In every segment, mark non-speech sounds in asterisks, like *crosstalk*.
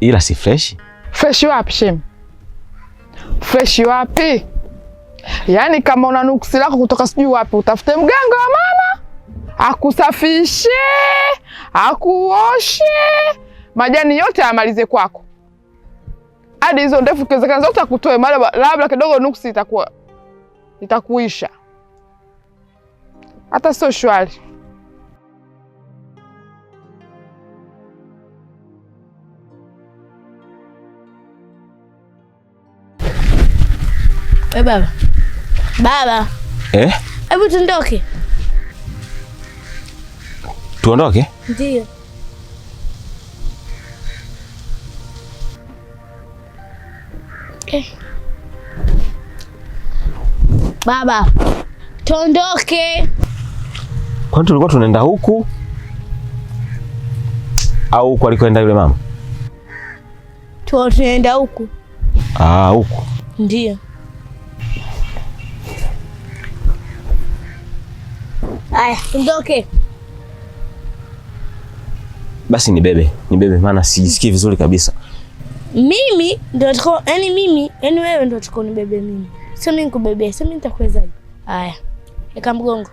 ila si fresh. Fresh wapi shem? Fresh wapi? Yaani kama una nuksi lako kutoka sijui wapi, utafute mganga wa mama akusafishe, akuoshe, majani yote amalize kwako, hadi hizo ndefu kiwezekana zote akutoe, labda kidogo nuksi itakuwa itakuisha, hata sio shwari. We eh, baba, baba, Eh? hebu tuondoke. Tuondoke? Ndio. Eh. Baba, tuondoke. Kwani tulikuwa tunaenda huku au huku alikoenda yule mama? Tunaenda huku. Ah, huku. Ndio. Aya, ndoke. Basi nibebe, nibebe maana sijisikii vizuri kabisa. Mimi ndio tuko, yani mimi, yani wewe ndio tuko nibebe mimi. Sio mimi nikubebe, sio mimi nitakuwezaje? Aya. Eka mgongo.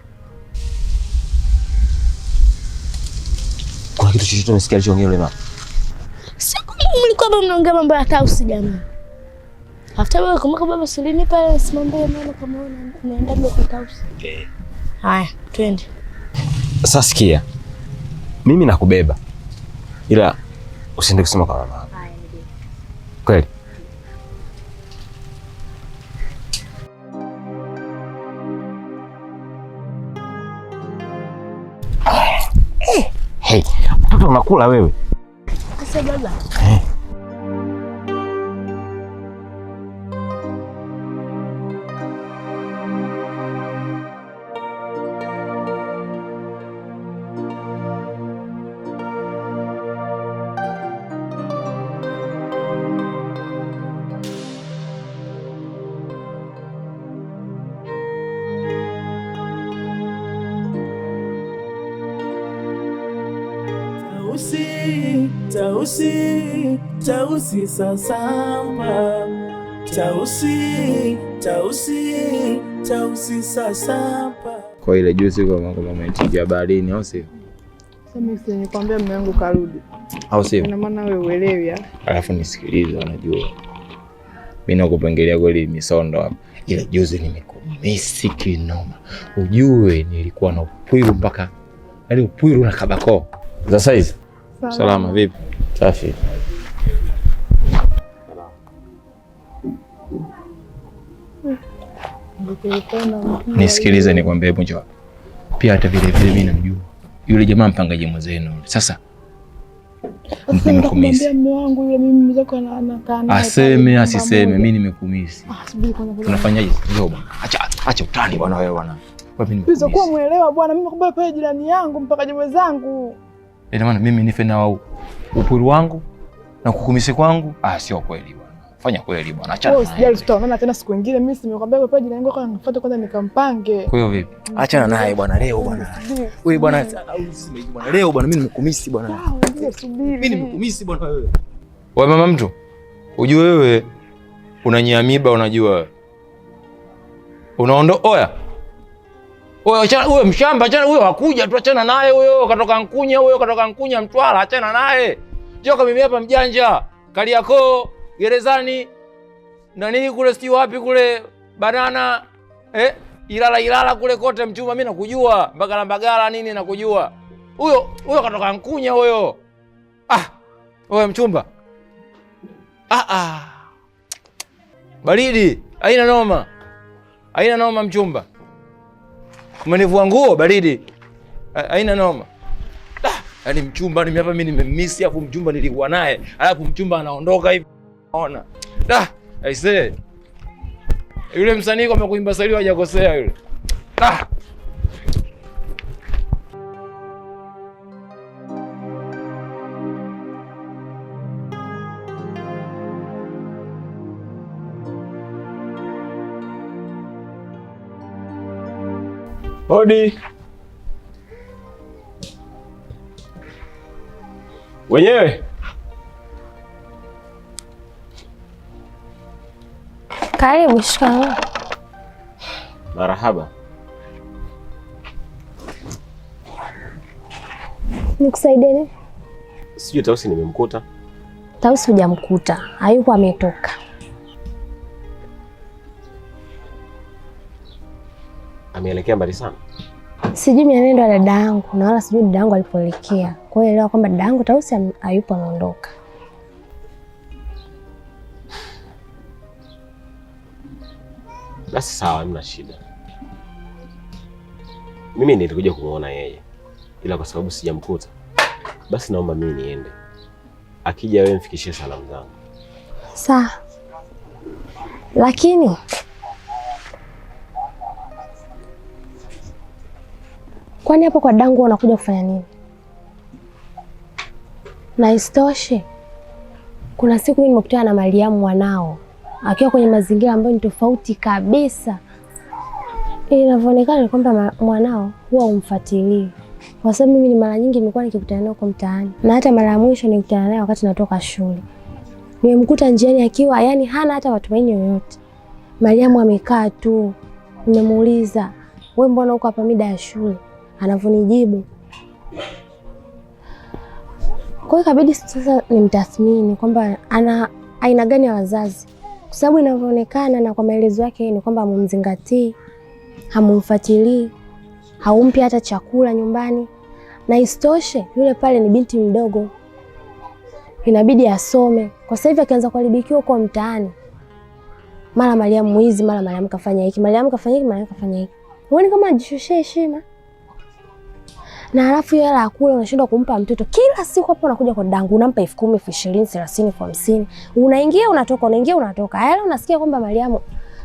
Kuna kitu chochote umesikia alichoongea yule mama? Sio mlikuwa bado mnaongea mambo ya tausi jamani. After wewe kumbuka baba sulini pale simambie mama kama unaenda kwa tausi. Eh. Haya, twende sasa. Sikia, mimi nakubeba, ila usiende kusema kwa mama. Kweli? Eh, eh. Hey, mtoto unakula wewe. Sasa baba. Eh. sasampa Tausi, Tausi, Tausi sasampa. Kwa ile juzi kwa mama itikia baharini, au sio? Sasa nikwambia mume wangu karudi, au sio? Ina maana wewe uelewi. Alafu nisikilize, unajua mimi nakupengelea kweli misondo hapa. Ile juzi nimekumisi kinoma, ujue nilikuwa na upwiru mpaka, yaani upwiru na kabako. Sasa hivi salama vipi? Safi. Nisikilize nikwambie, Bunjwa, pia hata vile vile mimi namjua yule jamaa mpangaji mwenzenu. Sasa nimekumisi, aseme asiseme, mimi nimekumisi. Ah, Tunafanyaje? Acha acha utani bwana, wewe bwana kuwa mwelewa bwana, mimi nakubali pale jirani yangu mpangaji mwenzangu. Ina maana mimi nife na upuri wangu na kukumisi kwangu? Ah, sio kweli fanya kweli bwana, achana oh, naye. Sijali, tutaonana tena siku nyingine. Mimi simekwambia kwa jina lengo kwa nifuate kwanza nikampange. Kwa hiyo vipi? Mm. Acha na naye bwana leo bwana. *laughs* Wewe bwana, bwana. Leo bwana mimi nimekumisi bwana. Ah, mimi nimekumisi bwana wewe. Wewe mama mtu. Ujue wewe unanyiamiba unajua. Unaondo oya. Wewe achana huyo mshamba, achana huyo hakuja tu, achana naye huyo, katoka Nkunya huyo, katoka Nkunya Mtwara, achana naye. Joka mimi hapa mjanja. Kariakoo gerezani nani kule sijui wapi kule banana eh, Ilala Ilala kule kote mchuma mimi nakujua Mbagala Mbagala nini nakujua. Huyo huyo katoka Nkunya huyo. Ah, wewe mchumba. Ah ah. Baridi, aina noma. aina noma mchumba. Umenivua nguo baridi. aina noma. Ah, yaani mchumba mimi hapa mimi nimemiss, afu mchumba nilikuwa naye, alafu mchumba anaondoka hivi. Ona. Da, aisee. Yule msanii kwa sali sasa hajakosea yule. Da. Hodi. Wenyewe. Karibu. Shikamoo. Marahaba. Nikusaidie nini? Sijui Tausi nimemkuta. Tausi hujamkuta, hayuko, ametoka. Ameelekea mbali sana. Sijui mienendo ya dada yangu na wala sijui dada yangu alipoelekea. Kwa hiyo elewa kwamba dada yangu Tausi hayupo, ameondoka. Basi sawa, hamna shida. Mimi nilikuja kumwona yeye, ila kwa sababu sijamkuta, basi naomba mimi niende. Akija wewe mfikishie salamu zangu. Sawa, lakini kwani hapo kwa dangu unakuja kufanya nini? Na isitoshe kuna siku mimi nimekutana na Mariamu mwanao akiwa kwenye mazingira ambayo ni tofauti kabisa. Eh, inavyoonekana ni kwamba mwanao huwa umfuatilii, kwa sababu mimi ni mara nyingi nimekuwa nikikutana naye kwa mtaani, na hata mara ya mwisho nilikutana naye wakati natoka shule, nimemkuta njiani akiwa yani hana hata matumaini yoyote. Mariamu amekaa tu, nimemuuliza wewe, mbona uko hapa mida ya shule? Anavyonijibu kwa hiyo ikabidi sasa nimtathmini kwamba ana aina gani ya wazazi kwa sababu inavyoonekana na kwa maelezo yake ni kwamba hamumzingatii, hamumfuatilii, haumpi hata chakula nyumbani, na isitoshe yule pale ni binti mdogo, inabidi asome. Kwa sasa hivi akianza kuharibikiwa huko mtaani, mara Mariamu mwizi, mara Mariamu kafanya hiki, Mariamu kafanya hiki, Mariamu kafanya hiki, huoni kama ajishushia heshima? na alafu hiyo hela ya kula unashindwa kumpa mtoto. Kila siku hapo unakuja kwa dangu, unampa elfu kumi elfu ishirini thelathini elfu hamsini unaingia unatoka, unaingia unatoka, hela yaani unasikia kwamba Mariamu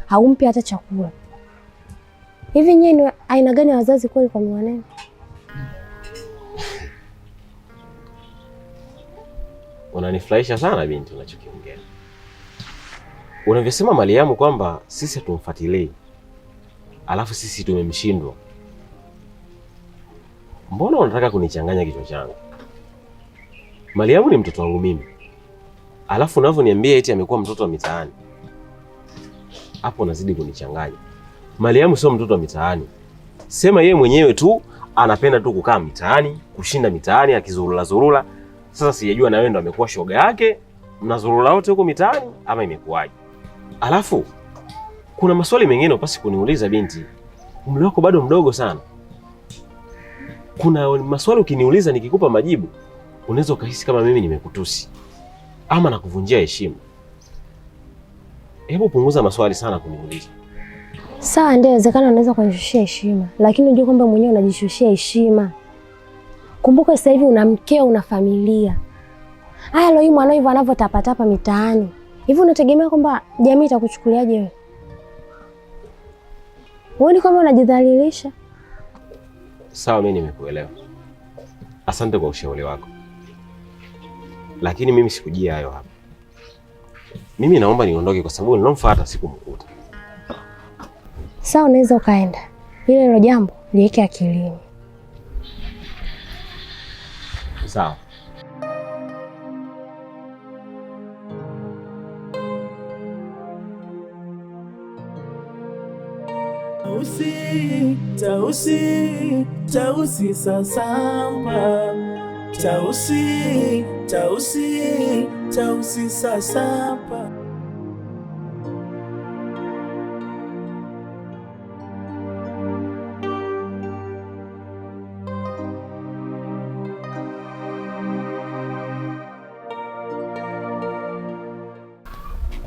haumpi hata chakula. Hivi nyie ni aina gani ya wazazi kweli? Kwa mwanenu unanifurahisha sana binti, unachokiongea unavyosema Mariamu kwamba sisi hatumfuatilii, alafu sisi tumemshindwa Mbona unataka kunichanganya kichwa changu? Mariamu ni mtoto wangu mimi, alafu unavyoniambia eti amekuwa mtoto wa mitaani, hapo unazidi kunichanganya. Mariamu sio mtoto wa mitaani, sema yeye mwenyewe tu anapenda tu kukaa mitaani, kushinda mitaani akizurula zurula. Sasa sijajua na wewe ndo amekuwa shoga yake, mnazurula wote huko mitaani ama imekuwaje? Alafu kuna maswali mengine upasi kuniuliza binti, umri wako bado mdogo sana kuna maswali ukiniuliza nikikupa majibu unaweza ukahisi kama mimi nimekutusi ama nakuvunjia heshima. Hebu punguza maswali sana kuniuliza. Sawa, ndio inawezekana unaweza kunishushia heshima, lakini unajua kwamba mwenyewe unajishushia heshima. Kumbuka sasa hivi una mkeo, una familia. Haya, leo hii mwanao hivyo anavyotapatapa mitaani hivi, unategemea kwamba jamii itakuchukuliaje wewe? Huoni kwamba unajidhalilisha? Sawa, mimi nimekuelewa, asante kwa ushauri wako, lakini mimi sikujia hayo hapa. Mimi naomba niondoke, kwa sababu ninomfuata sikumkuta. Sawa, unaweza ukaenda, ile hilo jambo liweke akilini. Sawa. Tausi, Tausi, Tausi sasamba, Tausi, Tausi, Tausi sasamba.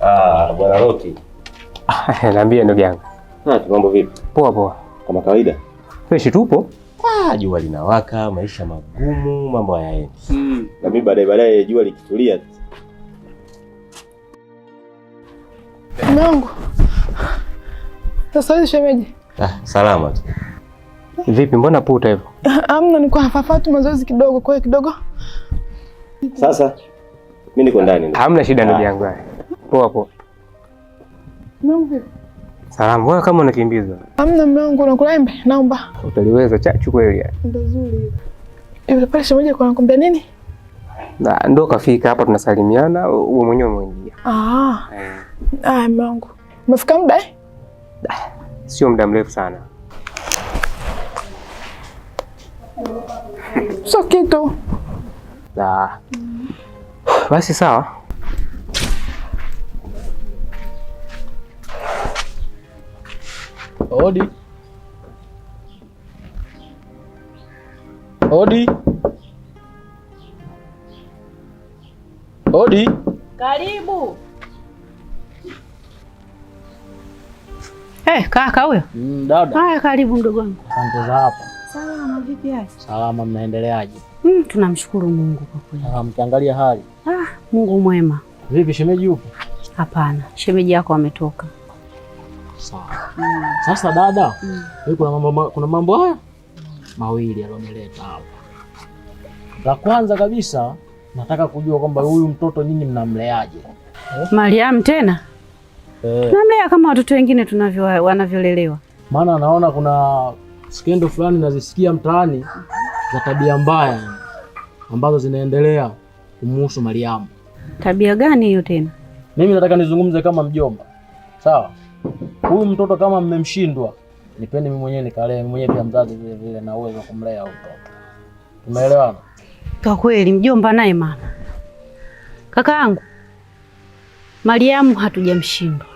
Ah, bwana Roki. *laughs* Naambia ndugu yangu Nacho, mambo vipi? Poa poa. Kama kawaida. Fresh tupo. Ah, jua linawaka, maisha magumu, mambo hayaendi. Hmm. Na mimi baadaye baadaye jua likitulia. Mungu. Sasa hivi shemeji. Ah, salama tu. Vipi, mbona puta hivyo? Amna, kwa hafafa tu mazoezi kidogo, kwa kidogo. Sasa mimi niko ndani. Hamna shida ndugu ah. yangu. Poa poa. Mungu vipi? Salamu, wewe kama unakimbizwa. Hamna mume wangu, unakula embe, naomba. Utaliweza chachu kweli yani. Ndio nzuri. Yule pale shemeji kwa anakuambia nini? Na ndo kafika hapa tunasalimiana, wewe mwenyewe umeingia. Ah. Eh. Ah, mume wangu. Umefika muda eh? Sio muda mrefu sana. Sio kitu. Da. Mm. Basi sawa. Odi. Odi. Odi. Karibu. Hey, eh, kaka huyo. Mm, dada. Haya, karibu mdogo wangu. Asante za hapa. Salama, vipi hali? Salama, mnaendeleaje? Mm, tunamshukuru Mungu kwa kweli. Ah, mkiangalia hali. Ah, Mungu mwema. Vipi shemeji yupo? Hapana, shemeji yako ametoka. Sawa. Mm. Sasa dada, mm. kuna mambo kuna mambo haya mawili alionileta hapa. La kwanza kabisa nataka kujua kwamba huyu mtoto nyinyi mnamleaje? Eh? Mariam tena? Eh. Namlea kama watoto wengine tunavyo wanavyolelewa. Maana naona kuna skendo fulani nazisikia mtaani za tabia mbaya ambazo zinaendelea kumuhusu Mariam. Tabia gani hiyo tena? Mimi nataka nizungumze kama mjomba. Sawa? huyu mtoto kama mmemshindwa, nipende mimi mwenyewe nikalee mimi mwenyewe, pia mzazi vile vile na uwezo kumlea huyu mtoto. Umeelewana? Kwa kweli mjomba naye mama, kakaangu Mariamu hatujamshindwa,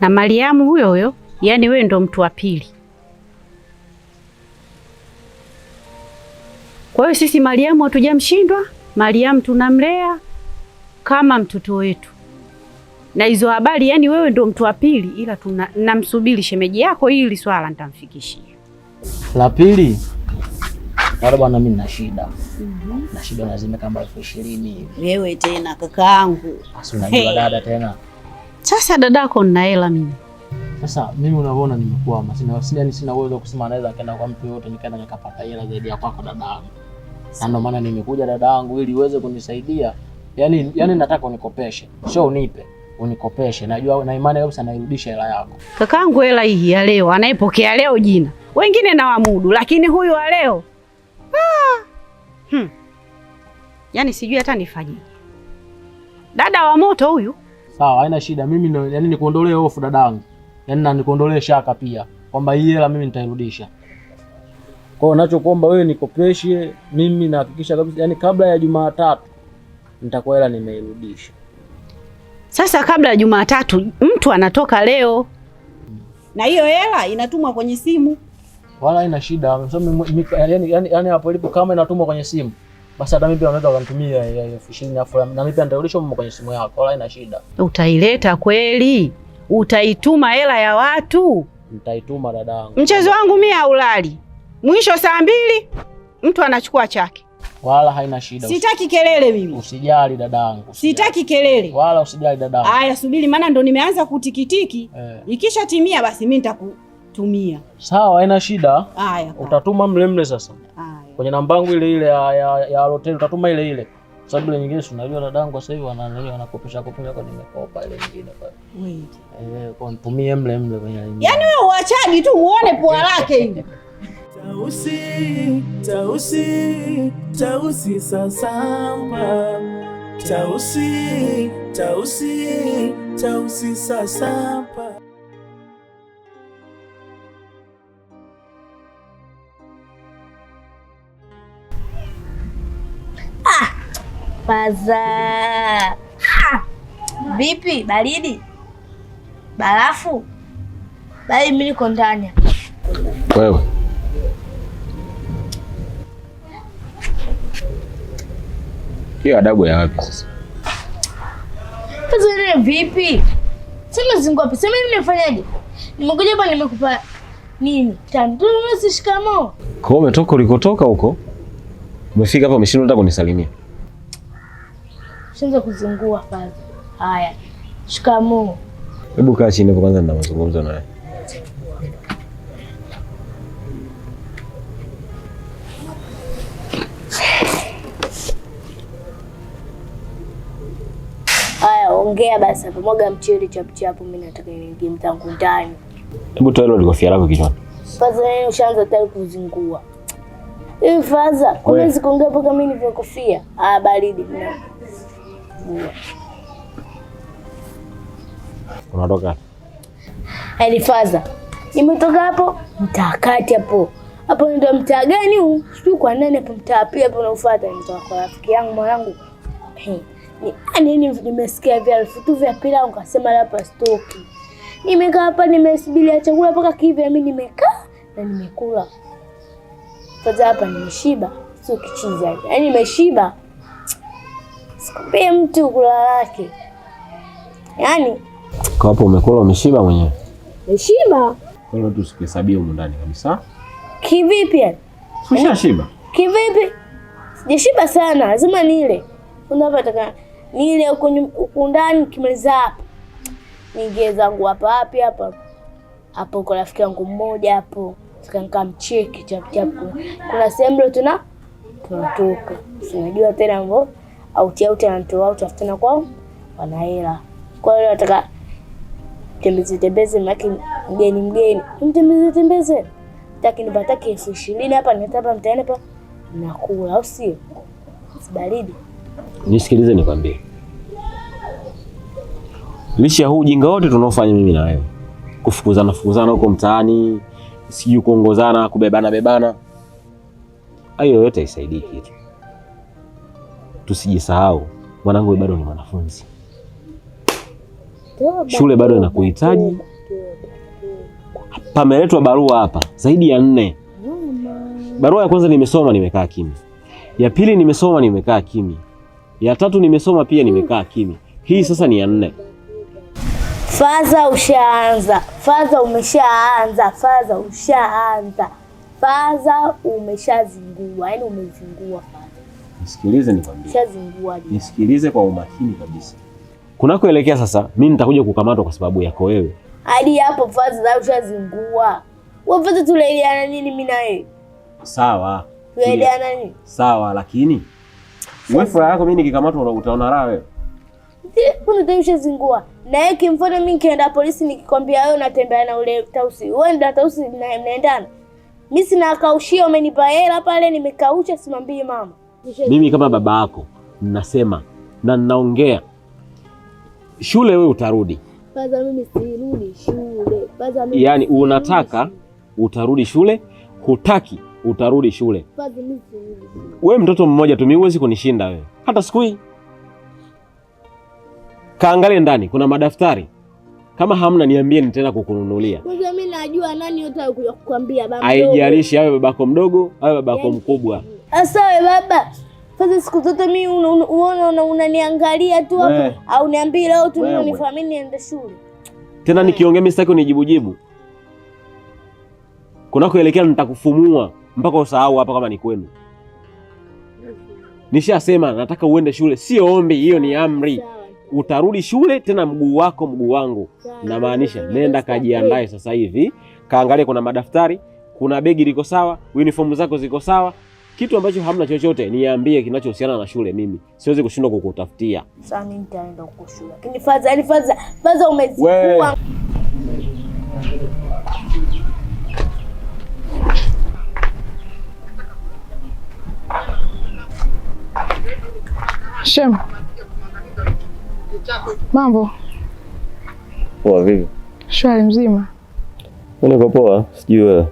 na Mariamu huyo huyo, yaani wewe ndo mtu wa pili. Kwa hiyo sisi Mariamu hatujamshindwa, Mariamu tunamlea kama mtoto wetu na hizo habari, yani wewe ndo mtu wa pili, ila tunamsubiri shemeji yako, ili swala nitamfikishia. La pili bado bwana, mimi nina shida mm -hmm. na shida lazima kama elfu ishirini wewe tena kakaangu. basi ah, unajua dada tena sasa dadako nina hela mimi sasa mimi unaona, nimekwama sina yani, sina uwezo kusema naweza kaenda kwa mtu yote nikaenda nikapata hela zaidi ya kwako yangu, na ndio maana nimekuja dadangu, ili uweze kunisaidia. Yani yani nataka unikopeshe, sio unipe unikopeshe, najua na imani kabisa nairudisha hela yako. Kakaangu, hela hii ya leo anayepokea leo jina, wengine na wamudu, lakini huyu wa leo ah. hmm. Yaani sijui hata nifanyeje. Dada wa moto huyu. Sawa, haina shida. Mimi yani nikuondolee hofu dadangu, yaani na nikuondolee shaka pia kwamba hii hela mimi nitairudisha. Kwa hiyo nachokuomba wewe nikopeshe, mimi nahakikisha kabisa, yani kabla ya Jumatatu nitakuwa hela nimeirudisha. Sasa kabla ya Jumatatu mtu anatoka leo na hiyo hela inatumwa kwenye simu, wala haina shida. Yani, yani, yani hapo ilipo kama inatumwa kwenye simu basi hata mimi pia naweza kunitumia elfu ishirini na mimi pia nitarudisha kwenye simu yako, wala haina shida. Utaileta kweli? Utaituma hela ya watu? Nitaituma dadangu. Mchezo wangu mimi haulali. Mwisho saa mbili mtu anachukua chake. Wala haina shida. Sitaki kelele mimi. Usijali dadangu. Sitaki kelele. Wala usijali dadangu. Aya, subiri maana ndo nimeanza kutikitiki. Eh. Ikisha timia basi mimi nitakutumia. Sawa, haina shida. Aya, Utatuma mle mle sasa. Aya. Kwenye namba yangu ile ile ya ya, ya hotel utatuma ile ile. Sababu ile nyingine unajua dadangu sasa hivi wanaangalia wanakopesha kopesha kwa nimekopa ile nyingine kwa. Wewe. Eh, kwa nitumie mle mle kwenye nyingine. Yaani wewe uachaji tu uone pua lake hivi. *laughs* Tausi, Tausi, Tausi sasamba. Tausi, Tausi, Tausi sasamba. Ah, baza. Ha. Vipi baridi? Barafu? Bali mimi niko ndani. Wewe hiyo adabu ya wapi sasa? Pazana vipi? Sema wapi? Sema nini nimefanyaje? Nimekuja hapa nimekupa nini? Tanduru na shikamo. Kwa umetoka ulikotoka huko? Umefika hapa umeshindwa hata kunisalimia. Shanza kuzingua faza. Haya. Shikamo. Hebu kaa chini kwanza nina mazungumzo naye. ongea basi hapo, mwaga mchele chap chap, mimi nataka niingie mtangu ndani. Hebu toa hilo likofia lako kichwani. Sasa nini ushaanza tayari kuzingua. Hii faza, kuna hizo kuongea mpaka mimi nivyo kofia. Ah, baridi na. Unatoka? Hadi faza. Nimetoka hapo mtakati hapo. Hapo ndio mtaa gani huu? Sio kwa nani hapo mtaa pia hapo unafuata mtaa kwa rafiki yangu mwanangu. Hey. Nini yaani nimesikia vya elfu tu vya pilau nikasema hapa stoki. Nimekaa hapa nimesibilia chakula mpaka kivya mimi nimekaa na nimekula. Sasa hapa nimeshiba, sio kichizi Yaani nimeshiba. Sikwambie mtu kula lake. Yaani kwa hapo umekula umeshiba mwenyewe. Umeshiba? Hilo tu sikuhesabia huko ndani kabisa. Kivipi yani? Umeshashiba? Kivipi? Sijashiba sana, lazima nile. Unapata ni ile huku ndani. kimaliza hapa ningie zangu hapa wapi hapa hapo, kwa rafiki yangu mmoja hapo mcheki chap chap, kuna sehemu ndio tuna tunatoka, sinajua tena au tia auti anatoa au tafutana kwao, wana hela. Kwa hiyo nataka tembeze tembeze, maki mgeni mgeni mtembeze tembeze, taki nipatake elfu ishirini hapa, nitapa mtaenda hapa, nakula au sio? Sibaridi nisikilize nikwambie, licha ya huu ujinga wote tunaofanya mimi na wewe, kufukuzana fukuzana huko mtaani, sijui kuongozana, kubebana bebana, hayo yote haisaidii kitu. Tusijisahau mwanangu, bado ni mwanafunzi, shule bado inakuhitaji. Pameletwa barua hapa zaidi ya nne. Barua ya kwanza nimesoma nimekaa kimya, ya pili nimesoma nimekaa kimya ya tatu nimesoma pia, nimekaa kimya. Hii sasa ni ya nne. Faza ushaanza, faza umeshaanza, faza ushaanza, faza umeshazingua, yaani umezingua faza. Nisikilize nikwambie, ushazingua. Nisikilize kwa umakini kabisa. Kunakoelekea sasa, mimi nitakuja kukamatwa kwa sababu yako wewe. Hadi hapo faza za ushazingua. Wewe faza, tuelewana nini mimi na wewe? Sawa, tuelewana nini? Sawa, lakini wewe furaha yako mimi nikikamatwa utaona raha wewe. Kuna taisha zingua. Na yeye kimfano mimi nikaenda polisi nikikwambia wewe unatembea na ule Tausi. Wewe ndio Tausi na mnaendana. Mimi sina kaushia umenipa hela pale nimekausha simwambie mama. Mimi kama baba yako ninasema na ninaongea. Shule wewe utarudi. Baza mimi sirudi shule. Baza mimi. Yaani unataka utarudi shule, hutaki utarudi shule. We mtoto mmoja tu, mimi huwezi kunishinda wewe hata siku hii. Kaangalie ndani kuna madaftari, kama hamna niambie, ni tena kukununulia. Mimi najua nani utakuja kukwambia baba. Haijalishi awe babako mdogo awe babako yaani mkubwa. Asawe baba sasa siku zote mimi unaona unaniangalia tu hapo, au niambie leo tu mimi nifahamini niende shule. Tena nikiongea mimi sitaki unijibujibu. Kunakoelekea nitakufumua mpaka usahau hapa kama ni kwenu. Nishasema nataka uende shule, sio ombi, hiyo ni amri. Utarudi shule tena mguu wako mguu wangu, namaanisha nenda kajiandae sasa hivi, kaangalie kuna madaftari, kuna begi liko sawa, uniform zako ziko sawa. Kitu ambacho hamna chochote niambie kinachohusiana na shule, mimi siwezi kushindwa kukutafutia. Sasa mimi nitaenda huko shule, lakini umezikua Shem, mambo poa? Vipi? Shwari mzima. Niko poa, sijui wewe.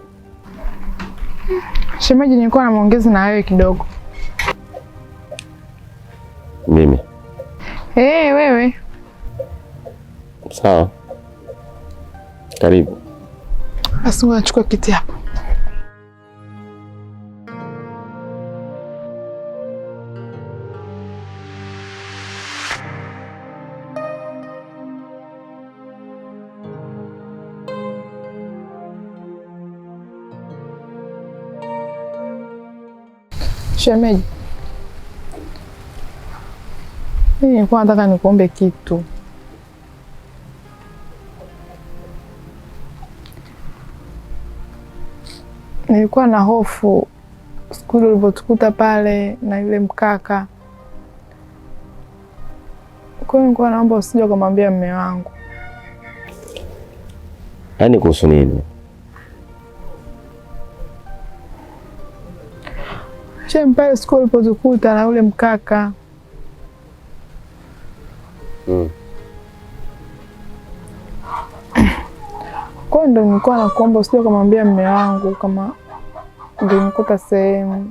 Shemeji, nilikuwa na maongezi na wewe kidogo. Mimi? Hey, eh, wewe. Sawa, karibu. Basi, nachukua kiti hapa. Shemeji, mimi eh, nilikuwa nataka nikuombe kitu. Nilikuwa na hofu siku ile ulivyotukuta pale na yule mkaka, kwa hiyo nilikuwa naomba usije ukamwambia mume wangu. Yaani kuhusu nini? Che mpale siku ulipozikuta na ule mkaka mm. Kwa ndo nilikuwa nakuomba usije kumwambia mume wangu kama nilikuta sehemu *laughs*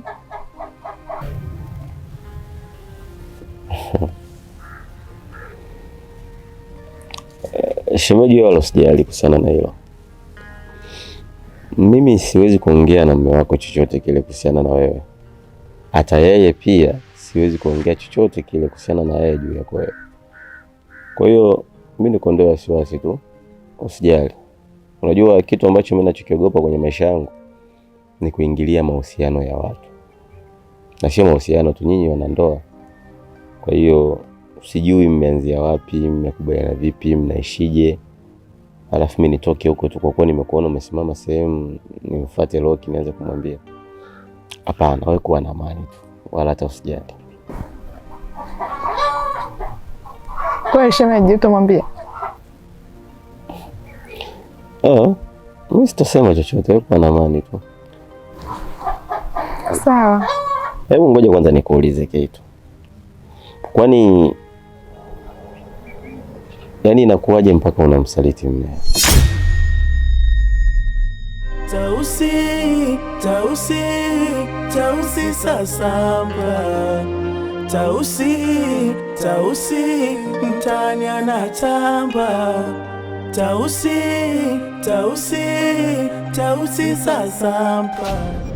shemeji, wala usijali kuhusiana na hilo. Mimi siwezi kuongea na mume wako chochote kile kuhusiana na wewe hata yeye pia siwezi kuongea chochote kile kuhusiana na yeye juu yako wewe. Kwa hiyo mimi nikondoe wasiwasi tu, usijali. Unajua kitu ambacho mimi nachokiogopa kwenye maisha yangu ni kuingilia mahusiano ya watu, na sio mahusiano tu, nyinyi wanandoa. Kwa hiyo sijui mmeanzia wapi, mmekubaliana vipi, mnaishije, alafu mimi nitoke huko tu kwa kuwa nimekuona umesimama sehemu, nimfuate Loki nianze kumwambia Hapana, wewe kuwa na amani tu, wala hata usijali. Kwa shemeji, utamwambia? Eh, mimi sitasema chochote, wewe kuwa na amani tu. Sawa. Hebu ngoja kwanza nikuulize kitu. Kwani yaani inakuwaje mpaka unamsaliti mume? Tausi, Tausi Tausi sasamba, Tausi, Tausi mtani anatamba, Tausi, Tausi, Tausi sasamba